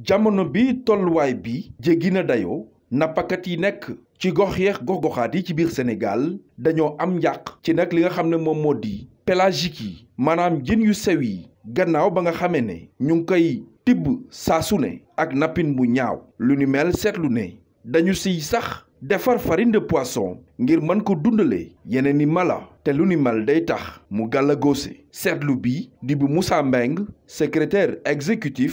jamono bi tolluwaay bi jéggi na dayoo nappakat yi nekk ci gox yeex gox-goxaat yi ci biir Sénégal dañoo am njàq ci nag li nga xam ne moom moo di pélagique yi maanaam jën yu sew yi gannaaw ba nga xamee ne ñu ngi koy tibb saasu ne ak nappin bu ñaaw lu ni mel seetlu ne dañu siy sax defar farine de poisson ngir mën ko dundale yeneen i mala te lu ni mel day tax mu gàllagoose seetlu bi di bu Moussa Mbeng secrétaire exécutif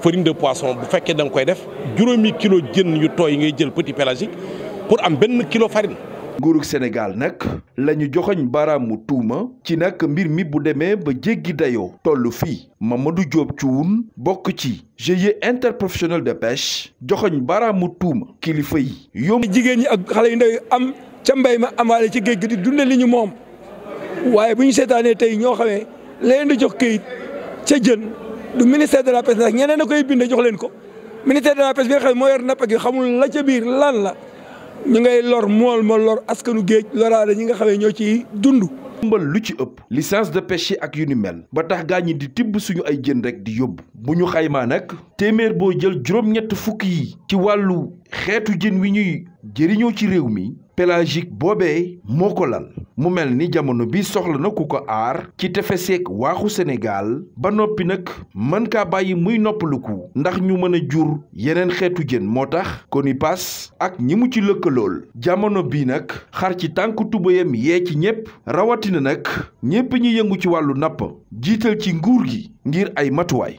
farine de poisson bu fekkee dang koy def juromi kilo jën yu toy ngay jël petit pélagique pour am benn kilo farine. nguurug Sénégal nak lañu ñu baramu baaraamu ci nak mbir mi bu démé ba jéggi dayo tollu fi Mamadou Diop Thioune bok ci GIE interprofessionnel de pêche joxoñ baramu tuuma kilifa yi yomb jigéen ak xalé yu ndaw am ca mbay ma amaale ci géej di dundee li ñu moom waaye bu ñu leen di jox këyit ca jën du ministère de la pêche nag ñeneen a koy bindee jox leen ko ministère de la pêche bi nga xam ne moo yor napp gi xamul la ca biir lan la ñu ngay lor mool ma lor askanu géej loraale ñi nga xam ne ñoo ciy dund. lu ci ëpp licence de pêche yi ak yu ni mel ba tax gaa ñi di tibb suñu ay jën rek di yóbbu bu ñu xaymaa nag téeméer boo jël juróom-ñett fukk yi ci wàllu xeetu jën wi ñuy jëriñoo ci réew mi. pélagique boobe moo ko lal mu mel ni jamono bi soxla na ku ko aar ci tefeseek waaxu Sénégal ba noppi nag mën kaa bàyyi muy noppaluku ndax ñu mën a jur yeneen xeetu jën moo tax pas ak ñi mu ci lëkkalool jamono bii nag xar ci tànk tubéyam yee ci ñépp rawatina nag ñépp ñi yëngu ci wàllu napp jiital ci nguur gi ngir ay matuwaay